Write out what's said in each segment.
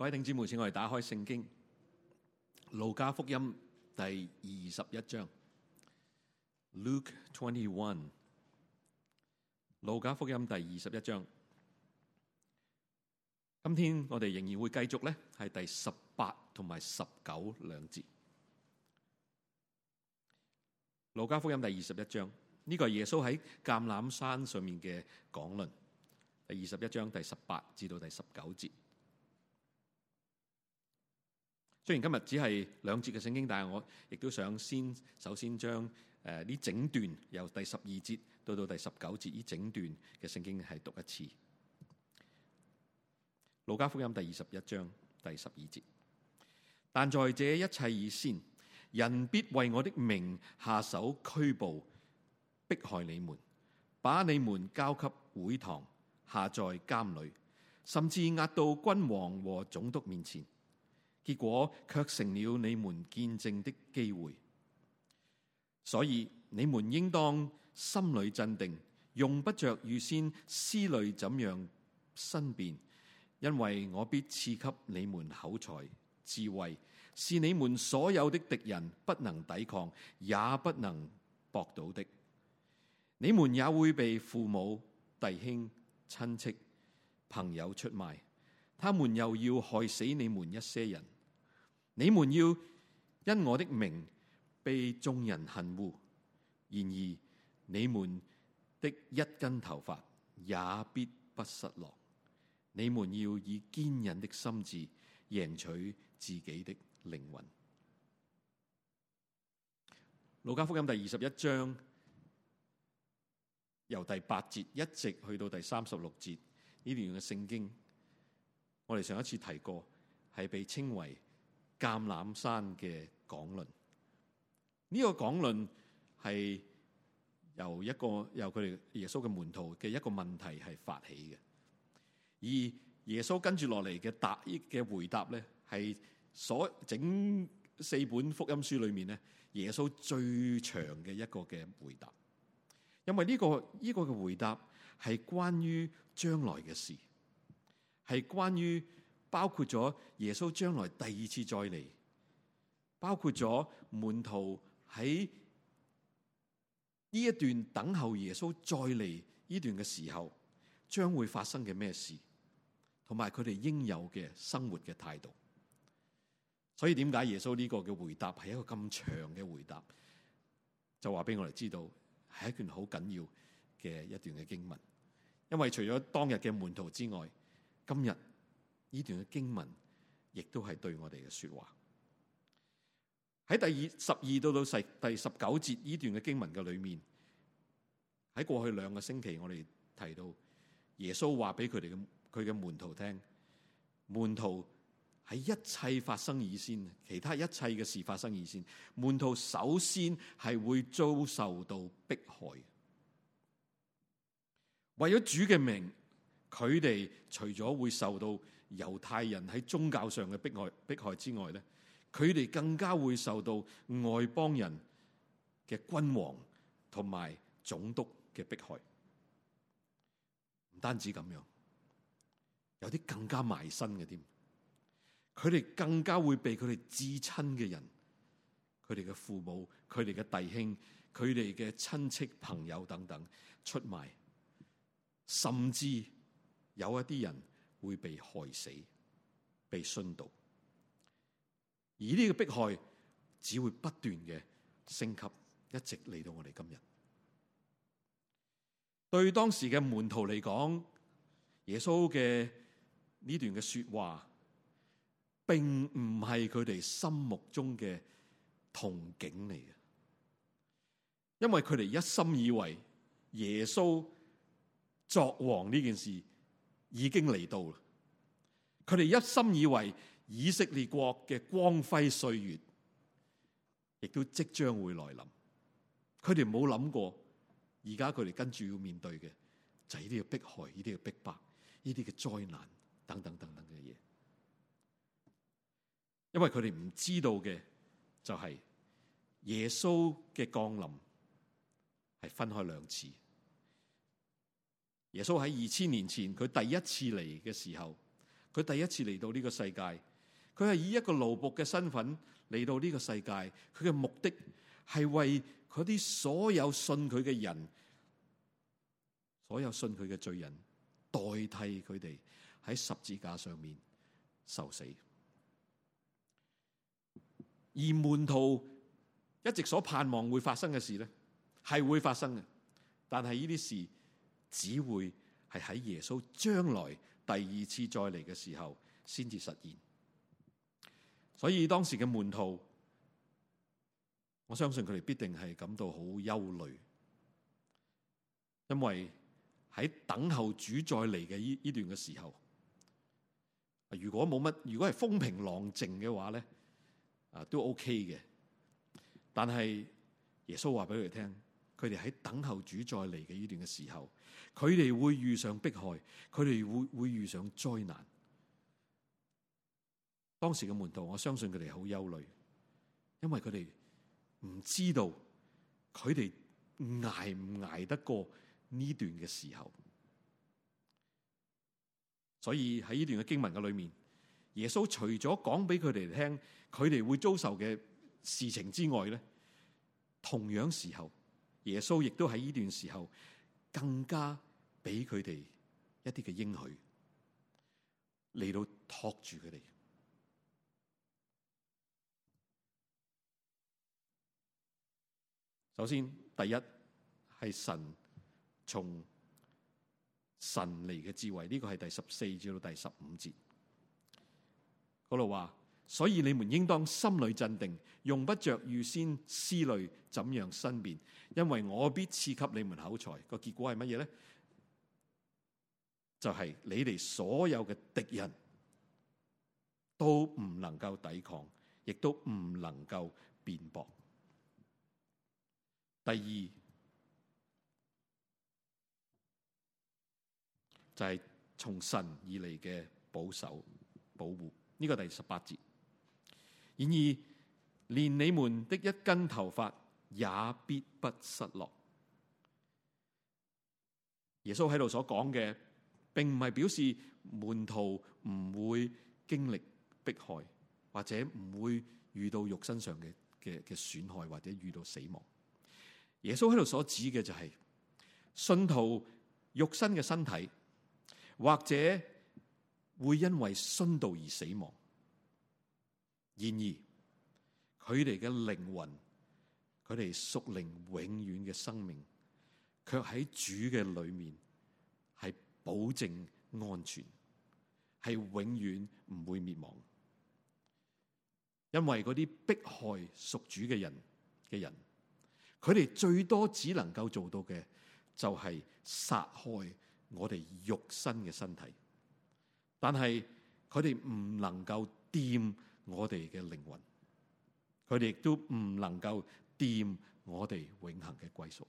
.各位弟兄姊妹，請我哋打開聖經《路加福音》第二十一章 （Luke Twenty One）。《路加福音》第二十一章，今天我哋仍然會繼續呢，係第十八同埋十九兩節。《路加福音》第二十一章，呢個係耶穌喺橄欖山上面嘅講論，第二十一章第十八至到第十九節。雖然今日只係兩節嘅聖經，但係我亦都想先，首先將誒呢、呃、整段由第十二節到到第十九節呢整段嘅聖經係讀一次。路加福音第二十一章第十二節，但在這一切以先，人必為我的名下手拘捕、迫害你們，把你們交給會堂、下在監裏，甚至押到君王和總督面前。結果卻成了你們見證的機會，所以你們應當心裏鎮定，用不着預先思慮怎樣申辯，因為我必賜給你們口才、智慧，是你們所有的敵人不能抵抗，也不能駁倒的。你們也會被父母、弟兄、親戚、朋友出賣。他們又要害死你們一些人，你們要因我的名被眾人恨惡，然而你們的一根頭髮也必不失落。你們要以堅忍的心志贏取自己的靈魂。《路加福音》第二十一章由第八節一直去到第三十六節呢段嘅聖經。我哋上一次提過，係被稱為橄欖山嘅講論。呢個講論係由一個由佢哋耶穌嘅門徒嘅一個問題係發起嘅，而耶穌跟住落嚟嘅答嘅回答咧，係所整四本福音書裏面咧，耶穌最長嘅一個嘅回答。因為呢個呢個嘅回答係關於將來嘅事。係關於包括咗耶穌將來第二次再嚟，包括咗門徒喺呢一段等候耶穌再嚟呢段嘅時候，將會發生嘅咩事，同埋佢哋應有嘅生活嘅態度。所以點解耶穌呢個嘅回答係一個咁長嘅回答，就話俾我哋知道係一段好緊要嘅一段嘅經文，因為除咗當日嘅門徒之外。今日呢段嘅經文，亦都係對我哋嘅說話。喺第十二到到第十九節呢段嘅經文嘅裏面，喺過去兩個星期我哋提到耶穌話俾佢哋嘅佢嘅門徒聽，門徒喺一切發生以先，其他一切嘅事發生以先，門徒首先係會遭受到迫害，為咗主嘅名。佢哋除咗會受到猶太人喺宗教上嘅迫害迫害之外咧，佢哋更加會受到外邦人嘅君王同埋總督嘅迫害。唔單止咁樣，有啲更加埋身嘅添。佢哋更加會被佢哋至親嘅人，佢哋嘅父母、佢哋嘅弟兄、佢哋嘅親戚朋友等等出賣，甚至。有一啲人會被害死、被殉道，而呢個迫害只會不斷嘅升級，一直嚟到我哋今日。對當時嘅門徒嚟講，耶穌嘅呢段嘅說話，並唔係佢哋心目中嘅憧憬嚟嘅，因為佢哋一心以為耶穌作王呢件事已經嚟到啦！佢哋一心以為以色列國嘅光輝歲月，亦都即將會來臨。佢哋冇諗過，而家佢哋跟住要面對嘅就係呢啲嘅迫害、呢啲嘅逼迫、呢啲嘅災難等等等等嘅嘢。因為佢哋唔知道嘅就係耶穌嘅降臨係分開兩次。耶穌喺二千年前佢第一次嚟嘅時候，佢第一次嚟到呢個世界，佢係以一個奴僕嘅身份嚟到呢個世界，佢嘅目的係為佢啲所有信佢嘅人，所有信佢嘅罪人，代替佢哋喺十字架上面受死。而門徒一直所盼望會發生嘅事呢，係會發生嘅，但係呢啲事。只會係喺耶穌將來第二次再嚟嘅時候先至實現。所以當時嘅門徒，我相信佢哋必定係感到好憂慮，因為喺等候主再嚟嘅呢呢段嘅時候，如果冇乜，如果係風平浪靜嘅話咧，啊都 OK 嘅。但係耶穌話俾佢哋聽。佢哋喺等候主再嚟嘅呢段嘅時候，佢哋會遇上迫害，佢哋會會遇上災難。當時嘅門徒，我相信佢哋好憂慮，因為佢哋唔知道佢哋挨唔挨得過呢段嘅時候。所以喺呢段嘅經文嘅裏面，耶穌除咗講畀佢哋聽佢哋會遭受嘅事情之外咧，同樣時候，耶穌亦都喺呢段時候，更加俾佢哋一啲嘅應許嚟到托住佢哋。首先，第一係神從神嚟嘅智慧，呢、這個係第十四節到第十五節嗰度話。所以你們應當心裏鎮定，用不着預先思慮怎樣申辯，因為我必賜給你們口才。個結果係乜嘢咧？就係、是、你哋所有嘅敵人，都唔能夠抵抗，亦都唔能夠辯駁。第二就係、是、從神而嚟嘅保守保護，呢、這個第十八節。然而，連你們的一根頭髮也必不失落。耶穌喺度所講嘅，並唔係表示門徒唔會經歷迫害，或者唔會遇到肉身上嘅嘅嘅損害，或者遇到死亡。耶穌喺度所指嘅就係，信徒肉身嘅身體，或者會因為殉道而死亡。然而，佢哋嘅靈魂，佢哋屬靈永遠嘅生命，卻喺主嘅裏面係保證安全，係永遠唔會滅亡。因為嗰啲迫害屬主嘅人嘅人，佢哋最多只能夠做到嘅就係殺害我哋肉身嘅身體，但係佢哋唔能夠掂。我哋嘅靈魂，佢哋亦都唔能夠掂我哋永恒嘅歸宿。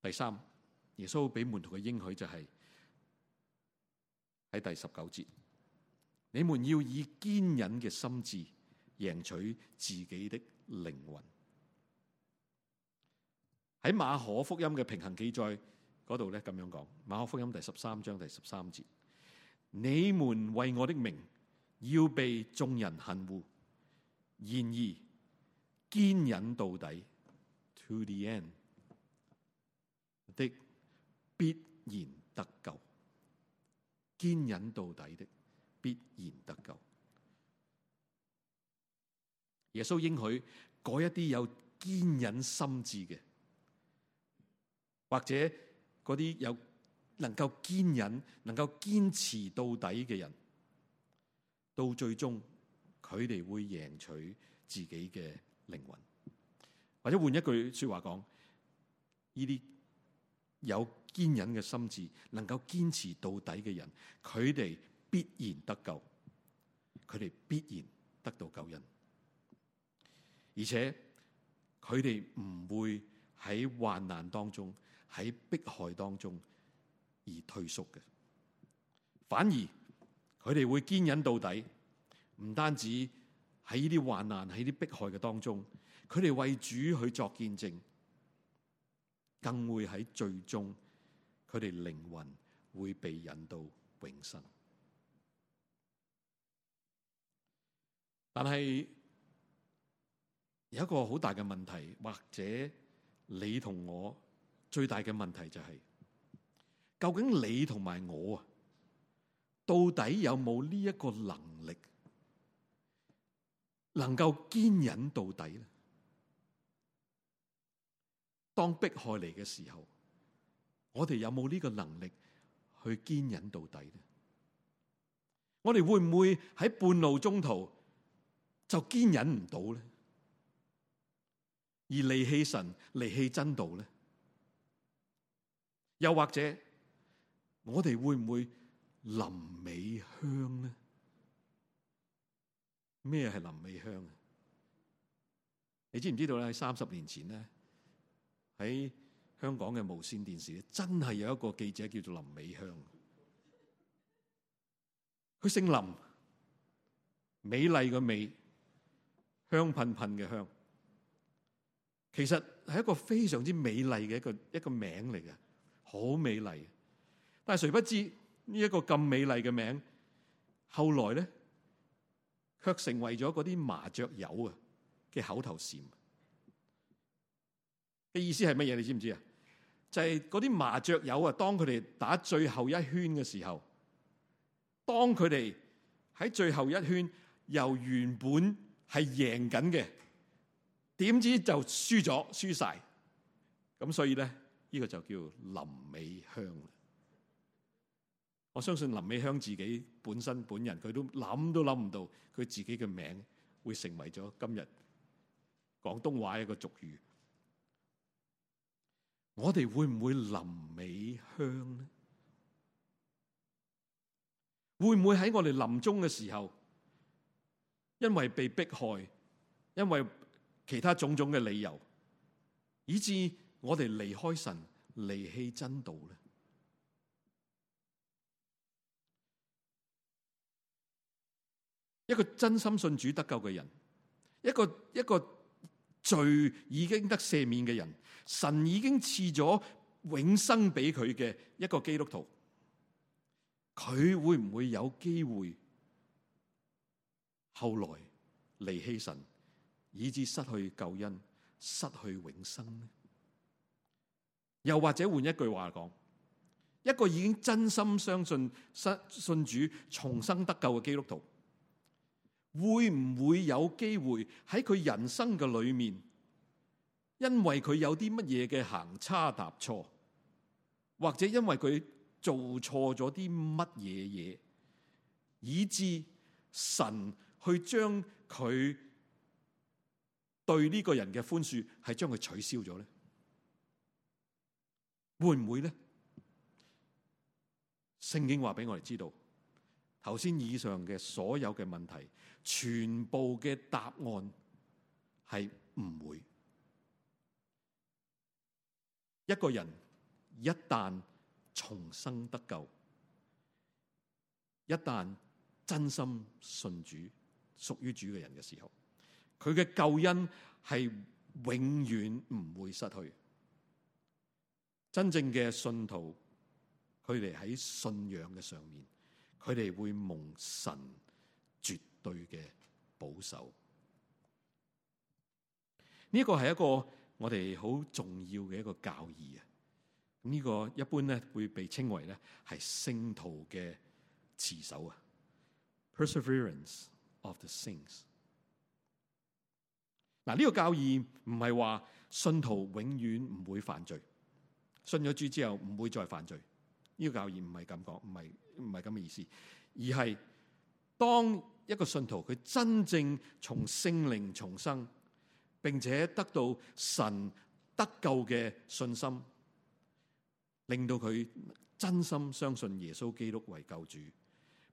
第三，耶穌俾門徒嘅應許就係喺第十九節：你們要以堅忍嘅心智贏取自己的靈魂。喺馬可福音嘅平行記載嗰度咧，咁樣講，馬可福音第十三章第十三節。你們為我的名要被眾人恨惡，然而堅忍到底，to the end 的必然得救。堅忍到底的必然得救。耶穌應許嗰一啲有堅忍心智嘅，或者嗰啲有。能夠堅忍、能夠堅持到底嘅人，到最終佢哋會贏取自己嘅靈魂。或者換一句說話講，呢啲有堅忍嘅心智、能夠堅持到底嘅人，佢哋必然得救，佢哋必然得到救恩，而且佢哋唔會喺患難當中、喺迫害當中，而退縮嘅，反而佢哋會堅忍到底，唔單止喺呢啲患難、喺啲迫害嘅當中，佢哋為主去作見證，更會喺最終，佢哋靈魂會被引到永生。但係有一個好大嘅問題，或者你同我最大嘅問題就係。究竟你同埋我啊，到底有冇呢一個能力，能夠堅忍到底咧？當迫害嚟嘅時候，我哋有冇呢個能力去堅忍到底咧？我哋會唔會喺半路中途就堅忍唔到咧？而離棄神、離棄真道咧？又或者？我哋會唔會林美香呢？咩係林美香你知唔知道咧？三十年前呢，喺香港嘅無綫電視，真係有一個記者叫做林美香。佢姓林，美麗嘅美，香噴噴嘅香，其實係一個非常之美麗嘅一個一個名嚟嘅，好美麗。但係，誰不知呢一個咁美麗嘅名，後來咧卻成為咗嗰啲麻雀友啊嘅口頭禪嘅意思係乜嘢？你知唔知啊？就係嗰啲麻雀友啊，當佢哋打最後一圈嘅時候，當佢哋喺最後一圈由原本係贏緊嘅，點知就輸咗，輸晒咁，所以咧呢個就叫林美香。我相信林美香自己本身本人，佢都諗都諗唔到，佢自己嘅名會成為咗今日廣東話一個俗語。我哋會唔會林美香呢？會唔會喺我哋臨終嘅時候，因為被迫害，因為其他種種嘅理由，以致我哋離開神，離棄真道呢？一個真心信主得救嘅人，一個一個罪已經得赦免嘅人，神已經賜咗永生俾佢嘅一個基督徒，佢會唔會有機會後來離棄神，以致失去救恩、失去永生呢？又或者換一句話嚟講，一個已經真心相信信信主重生得救嘅基督徒。會唔會有機會喺佢人生嘅裏面，因為佢有啲乜嘢嘅行差踏錯，或者因為佢做錯咗啲乜嘢嘢，以至神去將佢對呢個人嘅寬恕係將佢取消咗咧？會唔會咧？聖經話俾我哋知道，頭先以上嘅所有嘅問題，全部嘅答案係唔會。一個人一旦重生得救，一旦真心信主、屬於主嘅人嘅時候，佢嘅救恩係永遠唔會失去。真正嘅信徒，佢哋喺信仰嘅上面。佢哋會蒙神絕對嘅保守，呢個係一個我哋好重要嘅一個教義啊！呢、這個一般咧會被稱為咧係聖徒嘅持守啊，Perseverance of the Saints。嗱，呢個教義唔係話信徒永遠唔會犯罪，信咗主之後唔會再犯罪。呢個教義唔係咁講，唔係唔係咁嘅意思，而係當一個信徒佢真正從聖靈重生，並且得到神得救嘅信心，令到佢真心相信耶穌基督為救主，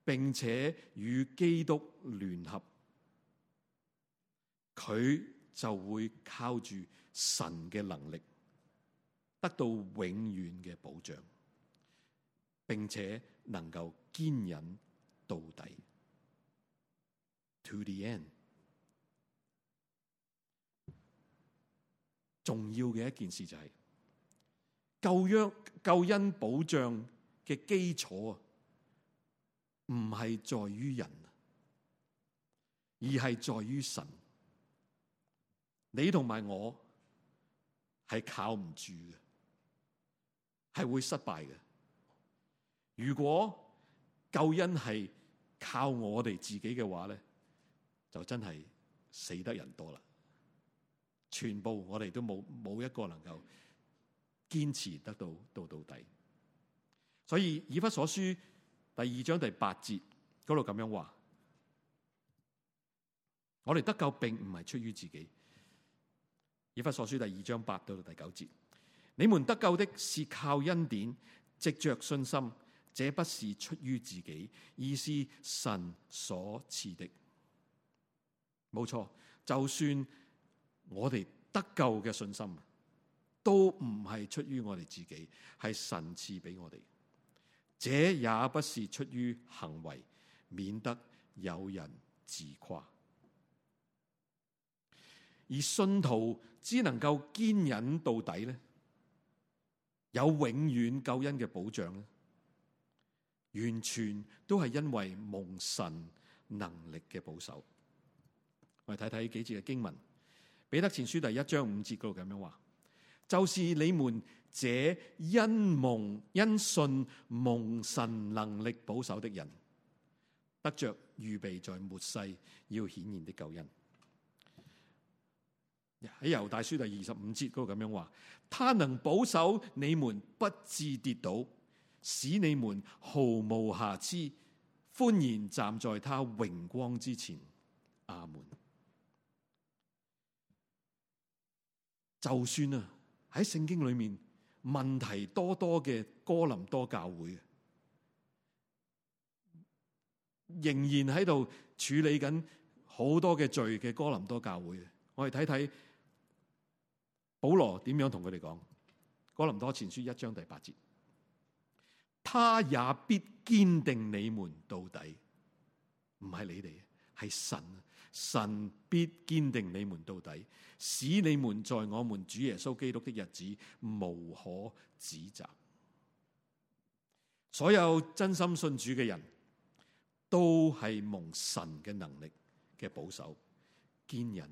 並且與基督聯合，佢就會靠住神嘅能力，得到永遠嘅保障。並且能夠堅忍到底，To the end。重要嘅一件事就係救約救恩保障嘅基礎啊，唔係在於人，而係在於神。你同埋我係靠唔住嘅，係會失敗嘅。如果救恩係靠我哋自己嘅話咧，就真係死得人多啦！全部我哋都冇冇一個能夠堅持得到到到底。所以以弗所書第二章第八節嗰度咁樣話：我哋得救並唔係出於自己。以弗所書第二章八到到第九節，你們得救的是靠恩典，藉着信心。這不是出於自己，而是神所賜的。冇錯，就算我哋得救嘅信心，都唔係出於我哋自己，係神賜俾我哋。這也不是出於行為，免得有人自誇。而信徒只能夠堅忍到底咧，有永遠救恩嘅保障咧。完全都係因為蒙神能力嘅保守，我哋睇睇幾節嘅經文。彼得前書第一章五節嗰度咁樣話：就是你們這因蒙因信蒙神能力保守的人，得着預備在末世要顯現的救恩。喺猶大書第二十五節嗰度咁樣話：他能保守你們不致跌倒。使你們毫無瑕疵，歡然站在他榮光之前。阿門。就算啊喺聖經裏面問題多多嘅哥林多教會，仍然喺度處理緊好多嘅罪嘅哥林多教會。我哋睇睇保羅點樣同佢哋講《哥林多前書》一章第八節。他也必堅定你們到底，唔係你哋，係神啊！神必堅定你們到底，使你們在我們主耶穌基督的日子無可指責。所有真心信主嘅人都係蒙神嘅能力嘅保守、堅忍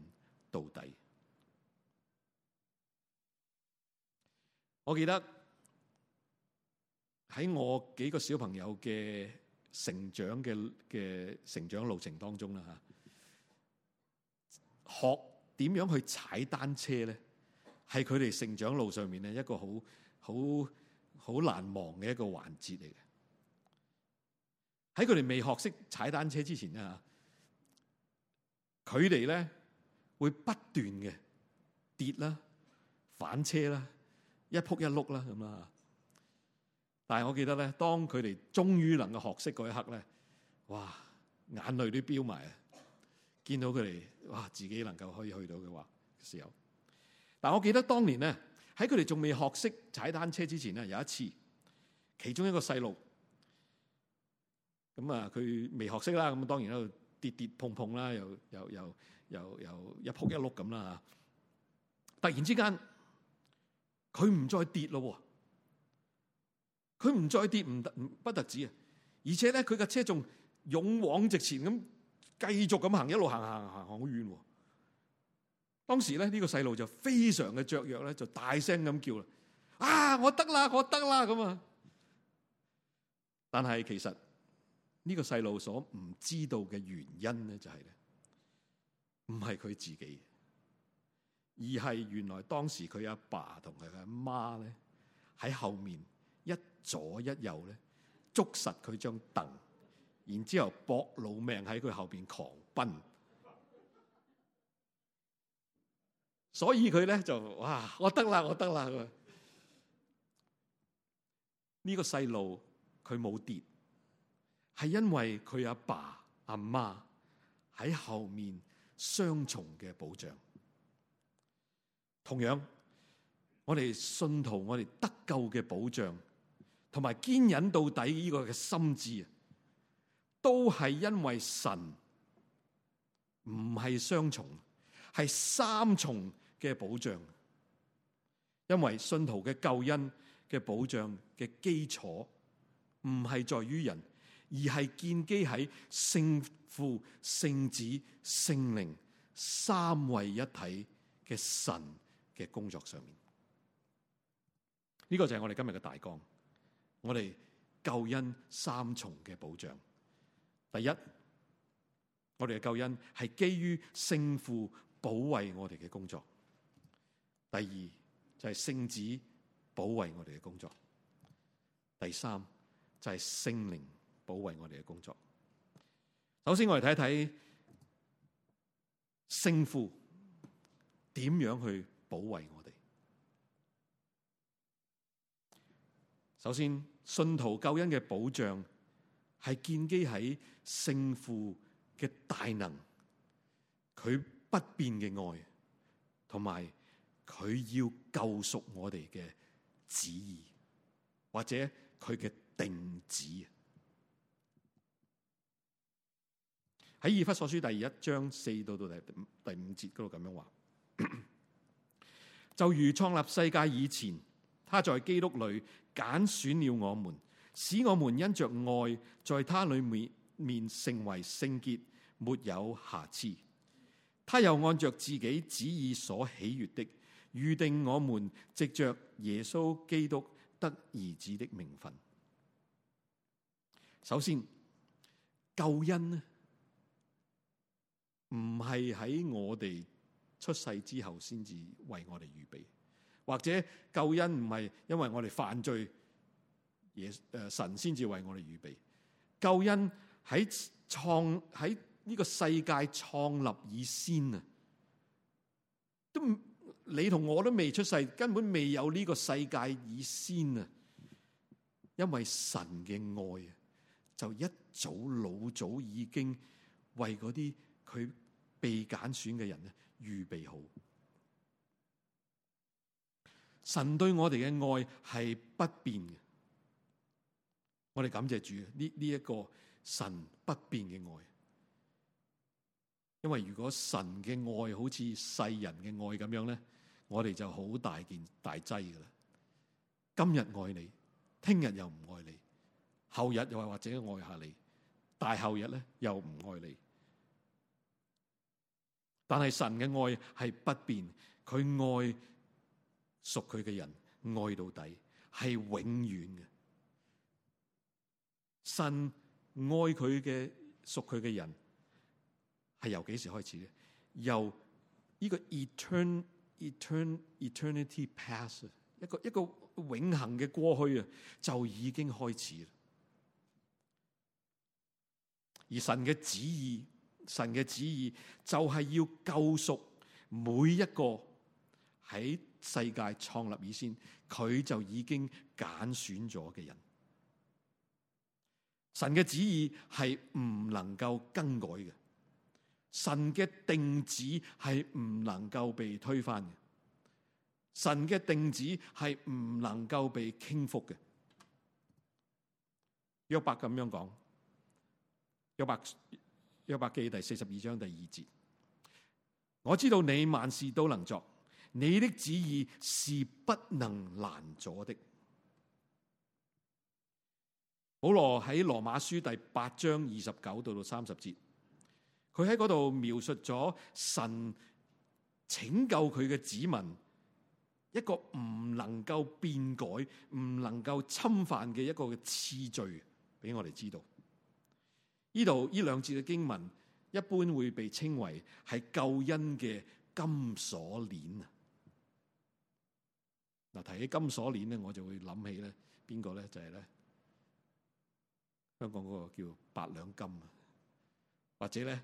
到底。我記得。喺我幾個小朋友嘅成長嘅嘅成長路程當中啦，吓學點樣去踩單車咧，係佢哋成長路上面咧一個好好好難忘嘅一個環節嚟嘅。喺佢哋未學識踩單車之前，佢哋咧會不斷嘅跌啦、反車啦、一撲一碌啦咁啦。但係我記得咧，當佢哋終於能夠學識嗰一刻咧，哇，眼淚都飆埋啊！見到佢哋，哇，自己能夠可以去到嘅話嘅時候。但係我記得當年咧，喺佢哋仲未學識踩單車之前咧，有一次，其中一個細路，咁啊，佢未學識啦，咁當然喺度跌跌碰碰啦，又又又又又一撲一碌咁啦吓。突然之間，佢唔再跌咯。佢唔再跌唔唔不特止啊！而且咧，佢架車仲勇往直前咁，繼續咁行，一路行行行行好遠。哦、當時咧，呢、這個細路就非常嘅雀躍咧，就大聲咁叫啦：啊，我得啦，我得啦！咁啊。但係其實呢、這個細路所唔知道嘅原因咧、就是，就係咧，唔係佢自己，而係原來當時佢阿爸同佢阿媽咧喺後面一左一右咧，捉實佢張凳，然之後搏老命喺佢後邊狂奔，所以佢咧就哇，我得啦，我得啦！呢個細路佢冇跌，係因為佢阿爸阿媽喺後面雙重嘅保障。同樣，我哋信徒，我哋得救嘅保障。同埋堅忍到底呢個嘅心智啊，都係因為神唔係雙重，係三重嘅保障。因為信徒嘅救恩嘅保障嘅基礎，唔係在於人，而係建基喺聖父、聖子、聖靈三位一體嘅神嘅工作上面。呢個就係我哋今日嘅大綱。我哋救恩三重嘅保障，第一，我哋嘅救恩係基於聖父保衛我哋嘅工作；第二就係、是、聖子保衛我哋嘅工作；第三就係、是、聖靈保衛我哋嘅工作。首先，我哋睇睇聖父點樣去保衛我哋。首先。信徒救恩嘅保障，係建基喺聖父嘅大能、佢不變嘅愛，同埋佢要救贖我哋嘅旨意，或者佢嘅定旨。喺以弗所書第二一章四到到第第五節嗰度咁樣話，就如創立世界以前，他在基督裏。揀選了我們，使我們因着愛，在他裏面面成為聖潔，沒有瑕疵。他又按着自己旨意所喜悦的，預定我們藉着耶穌基督得兒子的名分。首先，救恩呢，唔係喺我哋出世之後先至為我哋預備。或者救恩唔係因為我哋犯罪，誒，神先至為我哋預備救恩喺創喺呢個世界創立以先啊，都你同我都未出世，根本未有呢個世界以先啊，因為神嘅愛啊，就一早老早已經為啲佢被揀選嘅人咧預備好。神對我哋嘅愛係不變嘅，我哋感謝主呢呢一個神不變嘅愛。因為如果神嘅愛好似世人嘅愛咁樣咧，我哋就好大件大劑噶啦。今日愛你，聽日又唔愛你，後日又或者愛下你，大後日咧又唔愛你。但係神嘅愛係不變，佢愛。屬佢嘅人，愛到底，係永遠嘅。神愛佢嘅屬佢嘅人係由幾時開始咧？由呢個 eternal etern eternity past 一個一個永恆嘅過去啊就已經開始啦。而神嘅旨意，神嘅旨意就係要救贖每一個喺世界創立以先，佢就已經揀選咗嘅人。神嘅旨意係唔能夠更改嘅，神嘅定旨係唔能夠被推翻嘅，神嘅定旨係唔能夠被傾覆嘅。約伯咁樣講，約伯約伯記第四十二章第二節，我知道你萬事都能作。你的旨意是不能攔阻的。保羅喺羅馬書第八章二十九到到三十節，佢喺嗰度描述咗神拯救佢嘅子民一個唔能夠變改、唔能夠侵犯嘅一個嘅次序俾我哋知道。呢度呢兩節嘅經文一般會被稱為係救恩嘅金鎖鏈。嗱，提起金鎖鏈咧，我就會諗起咧，邊個咧就係咧香港嗰個叫八兩金啊，或者咧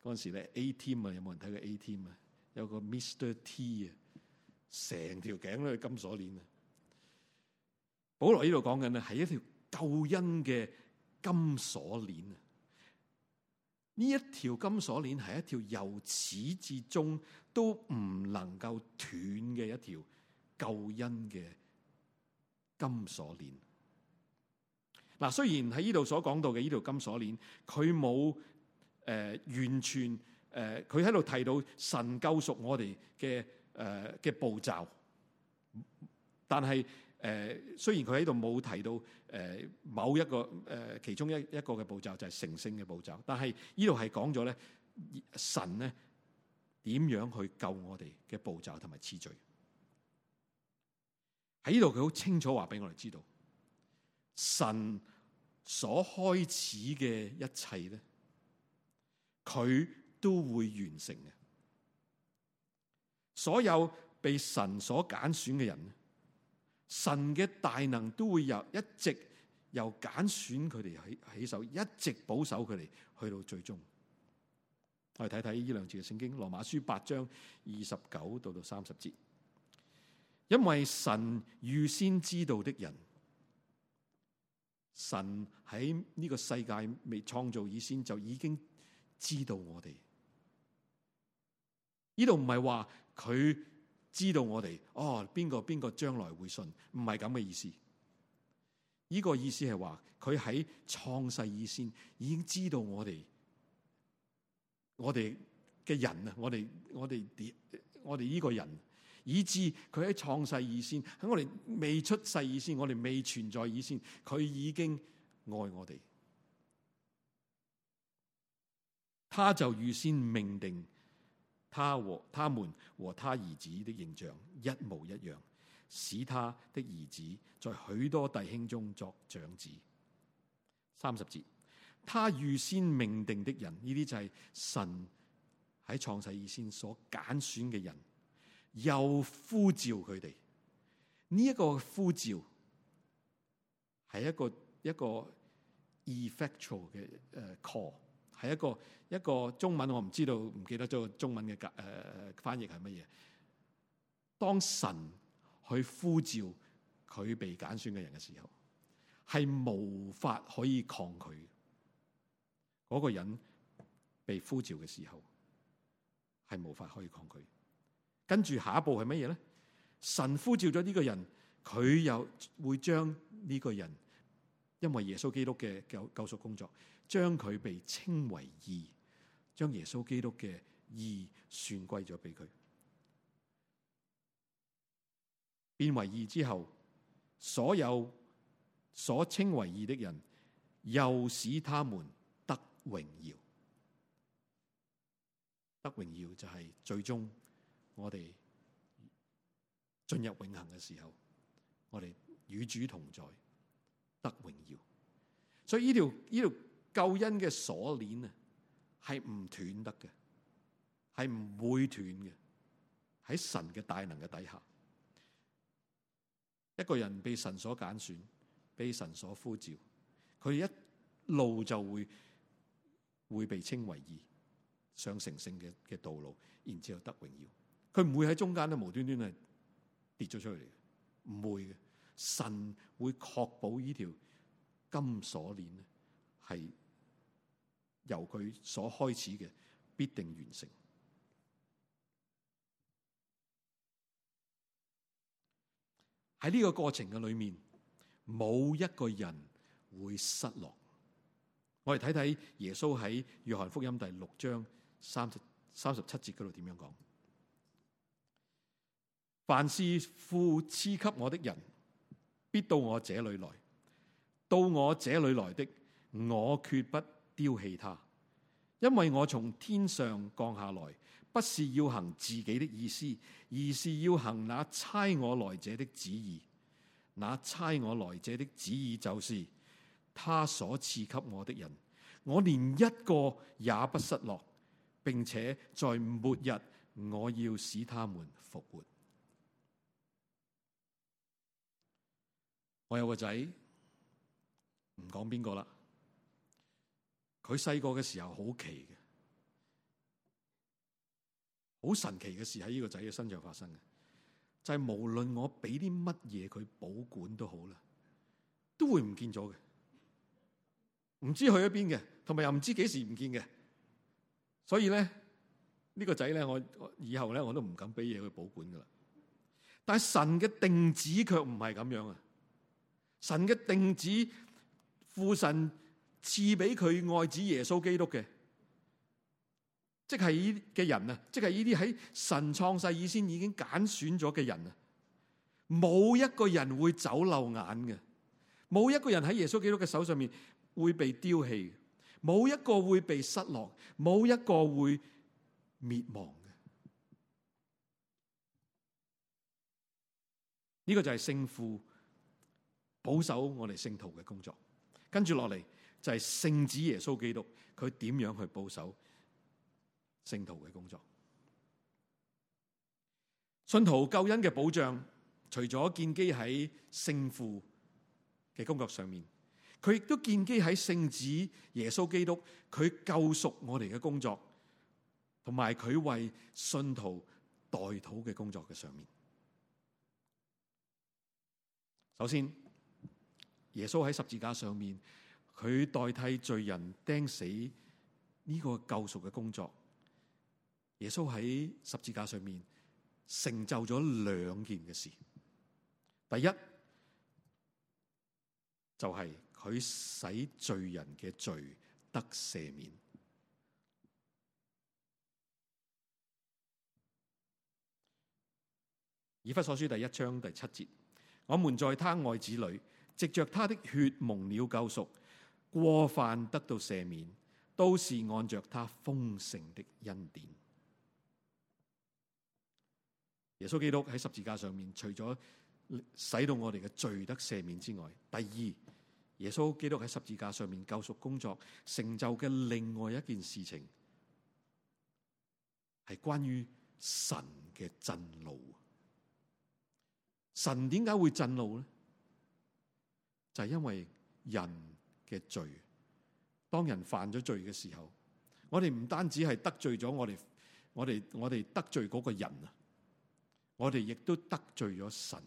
嗰陣時咧 A team 啊，有冇人睇過 A team 啊？有個 Mr T 啊，成條頸都係金鎖鏈啊！保羅呢度講緊咧係一條救恩嘅金鎖鏈啊！呢一條金鎖鏈係一條由始至終都唔能夠斷嘅一條。救恩嘅金鎖鏈，嗱，雖然喺呢度所講到嘅呢條金鎖鏈，佢冇誒完全誒，佢喺度提到神救贖我哋嘅誒嘅步驟，但係誒、呃、雖然佢喺度冇提到誒、呃、某一個誒、呃、其中一一個嘅步驟就係、是、成聖嘅步驟，但係呢度係講咗咧神咧點樣去救我哋嘅步驟同埋次序。喺呢度佢好清楚話俾我哋知道，神所開始嘅一切咧，佢都會完成嘅。所有被神所揀選嘅人咧，神嘅大能都會由一直由揀選佢哋起起手，一直保守佢哋去到最終。我哋睇睇呢兩節嘅聖經，《羅馬書》八章二十九到到三十節。因為神預先知道的人，神喺呢個世界未創造以先，就已經知道我哋。呢度唔係話佢知道我哋哦，邊個邊個將來會信，唔係咁嘅意思。呢個意思係話佢喺創世以先已經知道我哋，我哋嘅人啊，我哋我哋我哋呢個人。以至佢喺創世之先，喺我哋未出世之先，我哋未存在之先，佢已經愛我哋。他就預先命定，他和他們和他兒子的形象一模一樣，使他的兒子在許多弟兄中作長子。三十節，他預先命定的人，呢啲就係神喺創世之先所揀選嘅人。又呼召佢哋，呢、這、一個呼召係一個一個 effectual 嘅誒 call，係一個一個中文我唔知道唔記得咗個中文嘅誒、呃、翻譯係乜嘢？當神去呼召佢被揀選嘅人嘅時候，係無法可以抗拒。嗰、那個人被呼召嘅時候，係無法可以抗拒。跟住下一步係乜嘢呢？神呼召咗呢個人，佢又會將呢個人，因為耶穌基督嘅救救贖工作，將佢被稱為義，將耶穌基督嘅義算歸咗俾佢，變為義之後，所有所稱為義的人，又使他們得榮耀。得榮耀就係最終。我哋進入永恆嘅時候，我哋與主同在，得榮耀。所以呢條呢條救恩嘅鎖鏈啊，係唔斷得嘅，係唔會斷嘅。喺神嘅大能嘅底下，一個人被神所揀選，被神所呼召，佢一路就會會被稱為義，上成聖嘅嘅道路，然之後得榮耀。佢唔會喺中間咧，無端端係跌咗出去，唔會嘅。神會確保呢條金鎖鏈咧，係由佢所開始嘅，必定完成。喺呢個過程嘅裏面，冇一個人會失落。我哋睇睇耶穌喺約翰福音第六章三十三十七節嗰度點樣講。凡是父賜給我的人，必到我這裏來。到我這裏來的，我決不丟棄他。因為我從天上降下來，不是要行自己的意思，而是要行那差我來者的旨意。那差我來者的旨意就是，他所賜給我的人，我連一個也不失落，並且在末日我要使他們復活。我有個仔，唔講邊個啦。佢細個嘅時候好奇嘅，好神奇嘅事喺呢個仔嘅身上發生嘅，就係無論我俾啲乜嘢佢保管都好啦，都會唔見咗嘅，唔知去咗邊嘅，同埋又唔知幾時唔見嘅。所以咧呢個仔咧，我以後咧我都唔敢俾嘢佢保管噶啦。但係神嘅定旨卻唔係咁樣啊！神嘅定子，父神賜俾佢愛子耶穌基督嘅，即係呢嘅人啊，即係呢啲喺神創世以前已經揀選咗嘅人啊，冇一個人會走漏眼嘅，冇一個人喺耶穌基督嘅手上面會被丟棄，冇一個會被失落，冇一個會滅亡嘅。呢、這個就係勝負。保守我哋聖徒嘅工作，跟住落嚟就係聖子耶穌基督佢點樣去保守聖徒嘅工作？信徒救恩嘅保障，除咗建基喺聖父嘅工作上面，佢亦都建基喺聖子耶穌基督佢救贖我哋嘅工作，同埋佢為信徒代禱嘅工作嘅上面。首先。耶穌喺十字架上面，佢代替罪人釘死呢個救贖嘅工作。耶穌喺十字架上面成就咗兩件嘅事。第一就係、是、佢使罪人嘅罪得赦免。以弗所書第一章第七節，我們在他愛子裏。藉着他的血蒙了救贖，過犯得到赦免，都是按着他豐盛的恩典。耶穌基督喺十字架上面，除咗使到我哋嘅罪得赦免之外，第二，耶穌基督喺十字架上面救贖工作成就嘅另外一件事情，係關於神嘅震怒。神點解會震怒呢？就係、是、因為人嘅罪，當人犯咗罪嘅時候，我哋唔單止係得罪咗我哋，我哋我哋得罪嗰個人啊，我哋亦都得罪咗神。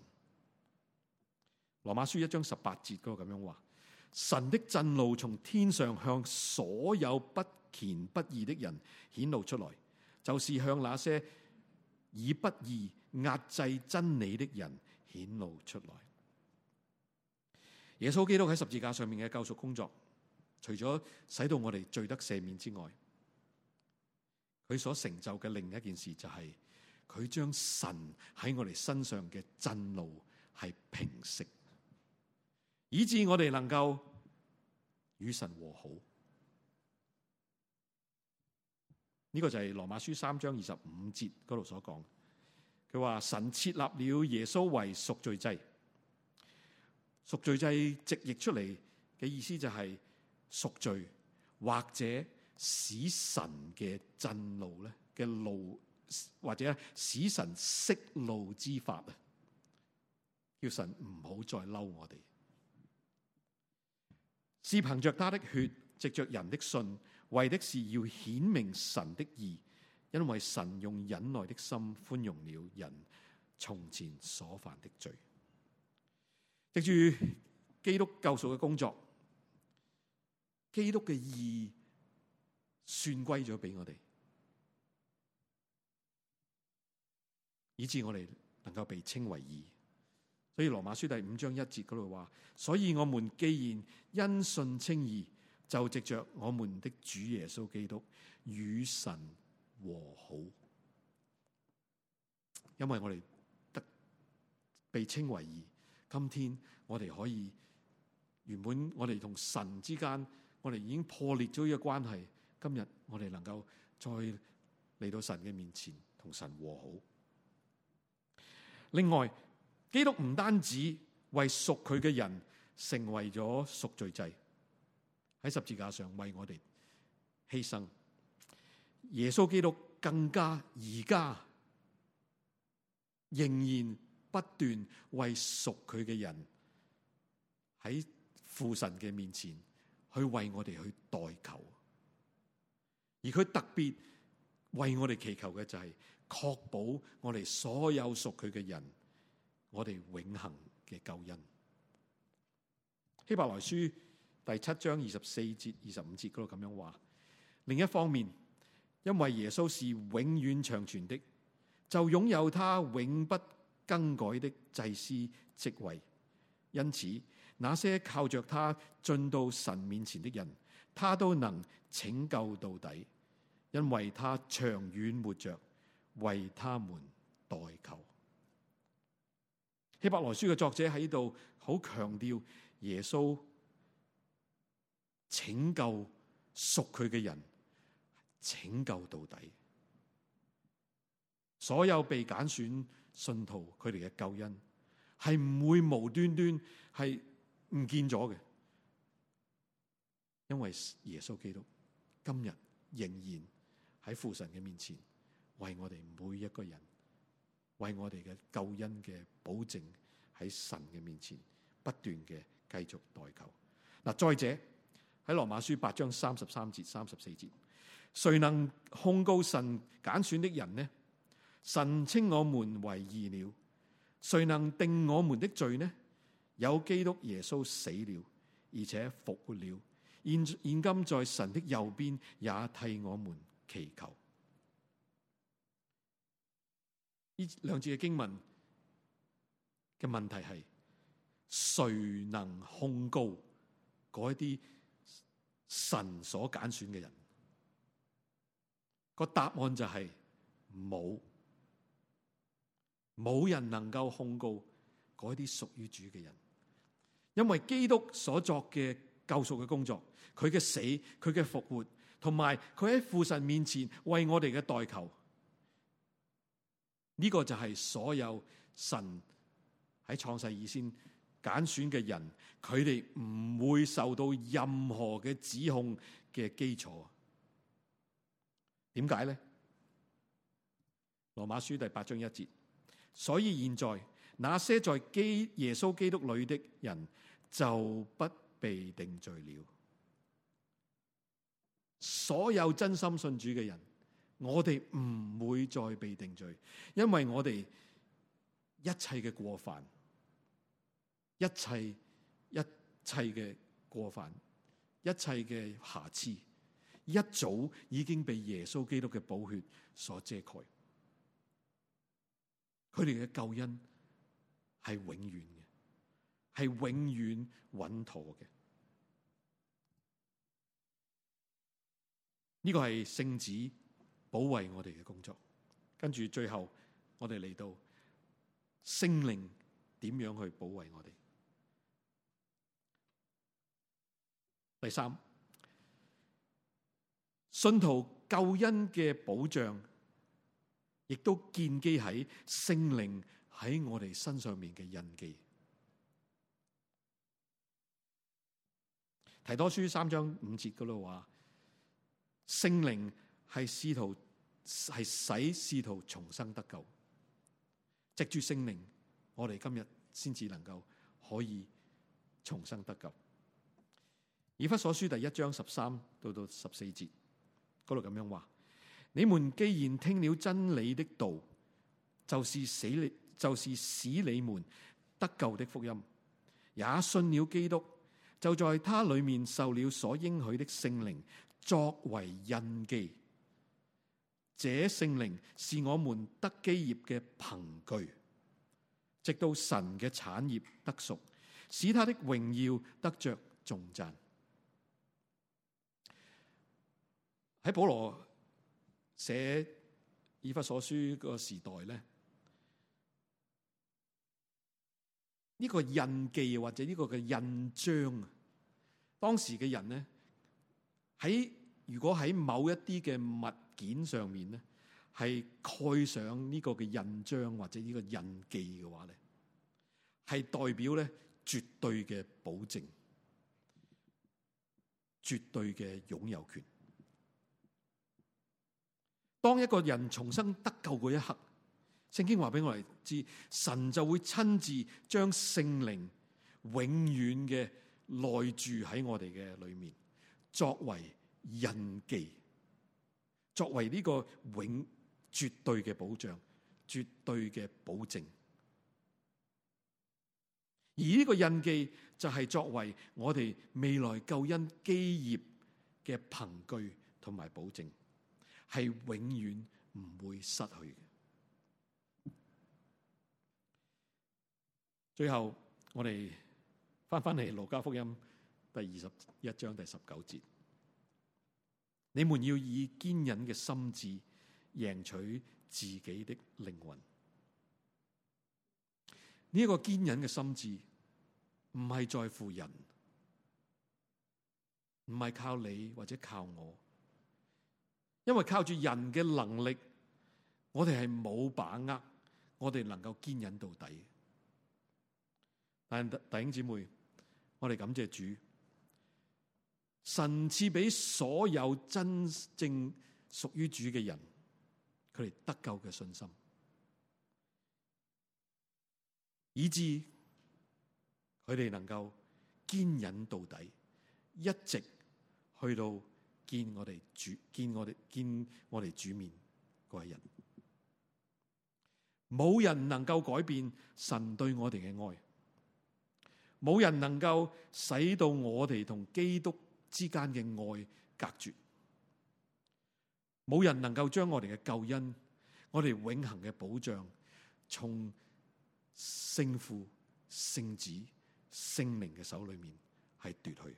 羅馬書一章十八節嗰個咁樣話：神的震怒從天上向所有不虔不義的人顯露出來，就是向那些以不義壓制真理的人顯露出來。耶穌基督喺十字架上面嘅救贖工作，除咗使到我哋罪得赦免之外，佢所成就嘅另一件事就係、是、佢將神喺我哋身上嘅震怒係平息，以致我哋能夠與神和好。呢、這個就係羅馬書三章二十五節嗰度所講，佢話神設立了耶穌為贖罪祭。贖罪祭直譯出嚟嘅意思就係贖罪，或者使神嘅震怒咧嘅怒，或者使神息怒之法啊，叫神唔好再嬲我哋。 是憑着他的血，藉着人的信，為的是要顯明神的義，因為神用忍耐的心寬容了人從前所犯的罪。藉住基督救贖嘅工作，基督嘅義算歸咗畀我哋，以致我哋能夠被稱為義。所以羅馬書第五章一節嗰度話，所以我們既然因信稱義，就藉着我們的主耶穌基督與神和好，因為我哋得被稱為義。今天我哋可以，原本我哋同神之間，我哋已經破裂咗呢個關係。今日我哋能夠再嚟到神嘅面前同神和好。另外，基督唔單止為贖佢嘅人成為咗贖罪祭，喺十字架上為我哋犧牲。耶穌基督更加而家仍然。不斷為屬佢嘅人喺父神嘅面前去為我哋去代求，而佢特別為我哋祈求嘅就係確保我哋所有屬佢嘅人，我哋永恆嘅救恩。希伯來書第七章二十四節、二十五節嗰度咁樣話。另一方面，因為耶穌是永遠長存的，就擁有他永不。更改的祭司職位，因此那些靠着他進到神面前的人，他都能拯救到底，因為他長遠活着為他們代求。希伯來書嘅作者喺度好強調耶穌拯救屬佢嘅人，拯救到底。所有被揀選。信徒佢哋嘅救恩係唔會無端端係唔見咗嘅，因為耶穌基督今日仍然喺父神嘅面前，為我哋每一個人，為我哋嘅救恩嘅保證喺神嘅面前不斷嘅繼續代求。嗱，再者喺羅馬書八章三十三節、三十四節，誰能控告神揀選的人呢？神稱我們為義了，誰能定我們的罪呢？有基督耶穌死了，而且復活了，現現今在神的右邊，也替我們祈求。呢兩節嘅經文嘅問題係，誰能控告嗰一啲神所揀選嘅人？個答案就係、是、冇。冇人能夠控告嗰啲屬於主嘅人，因為基督所作嘅救贖嘅工作，佢嘅死、佢嘅復活，同埋佢喺父神面前為我哋嘅代求，呢個就係所有神喺創世以先揀選嘅人，佢哋唔會受到任何嘅指控嘅基礎。點解咧？羅馬書第八章一節。所以現在那些在基耶穌基督裏的人就不被定罪了。所有真心信主嘅人，我哋唔會再被定罪，因為我哋一切嘅過犯，一切一切嘅過犯，一切嘅瑕疵，一早已經被耶穌基督嘅寶血所遮蓋。佢哋嘅救恩係永遠嘅，係永遠穩妥嘅。呢個係聖子保衛我哋嘅工作。跟住最後我來，我哋嚟到聖靈點樣去保衛我哋。第三，信徒救恩嘅保障。亦都建基喺聖靈喺我哋身上面嘅印記。提多書三章五節嗰度話，聖靈係試圖係使試圖重生得救，藉住聖靈，我哋今日先至能夠可以重生得救。以弗所書第一章十三到到十四節嗰度咁樣話。你們既然聽了真理的道，就是使你就是使你們得救的福音，也信了基督，就在他裏面受了所應許的聖靈作為印記。這聖靈是我們得基業嘅憑據，直到神嘅產業得熟，使他的榮耀得着重讚。喺保羅。寫以弗所書個時代咧，呢個印記或者呢個嘅印章啊，當時嘅人咧喺如果喺某一啲嘅物件上面咧，係蓋上呢個嘅印章或者呢個印記嘅話咧，係代表咧，絕對嘅保證絕對嘅擁有權。當一個人重生得救嗰一刻，聖經話俾我哋知，神就會親自將聖靈永遠嘅內住喺我哋嘅裏面，作為印記，作為呢個永絕對嘅保障、絕對嘅保證。而呢個印記就係作為我哋未來救恩基業嘅憑據同埋保證。係永遠唔會失去嘅。最後，我哋翻返嚟《路加福音》第二十一章第十九節：你們要以堅忍嘅心志贏取自己的靈魂。呢一個堅忍嘅心志，唔係在乎人，唔係靠你或者靠我。因為靠住人嘅能力，我哋係冇把握，我哋能夠堅忍到底。但弟兄姊妹，我哋感謝主，神賜俾所有真正屬於主嘅人，佢哋得救嘅信心，以致佢哋能夠堅忍到底，一直去到。見我哋主，見我哋見我哋主面嗰一人。冇人能夠改變神對我哋嘅愛，冇人能夠使到我哋同基督之間嘅愛隔絕，冇人能夠將我哋嘅救恩，我哋永恒嘅保障，從聖父、聖子、聖靈嘅手裏面係奪去。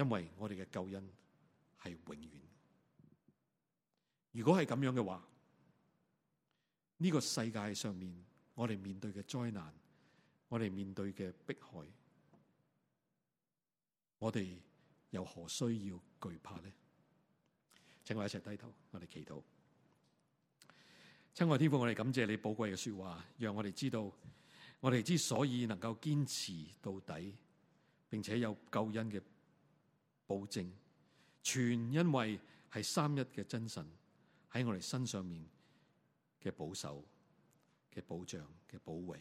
因為我哋嘅救恩係永遠。如果係咁樣嘅話，呢個世界上面，我哋面對嘅災難，我哋面對嘅迫害，我哋又何需要懼怕呢？請我一齊低頭，我哋祈禱。親愛天父，我哋感謝你寶貴嘅說話，讓我哋知道，我哋之所以能夠堅持到底，並且有救恩嘅。保證，全因為係三一嘅真神喺我哋身上面嘅保守、嘅保障、嘅保衛、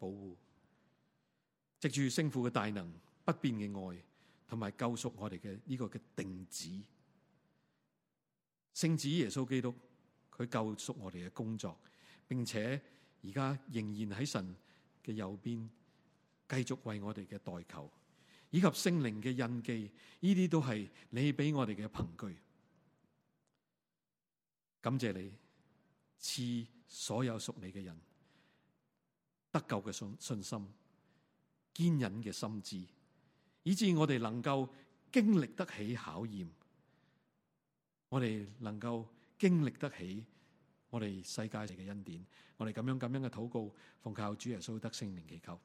保護，藉住聖父嘅大能、不變嘅愛，同埋救贖我哋嘅呢個嘅定旨，聖子耶穌基督，佢救贖我哋嘅工作，並且而家仍然喺神嘅右邊，繼續為我哋嘅代求。以及聖靈嘅印記，呢啲都是你俾我哋嘅憑據。感謝你賜所有屬你嘅人得救嘅信心、堅忍嘅心志，以致我哋能夠經歷得起考驗。我哋能夠經歷得起我哋世界嘅恩典。我哋咁樣咁樣嘅禱告，奉靠主耶穌得聖靈祈求。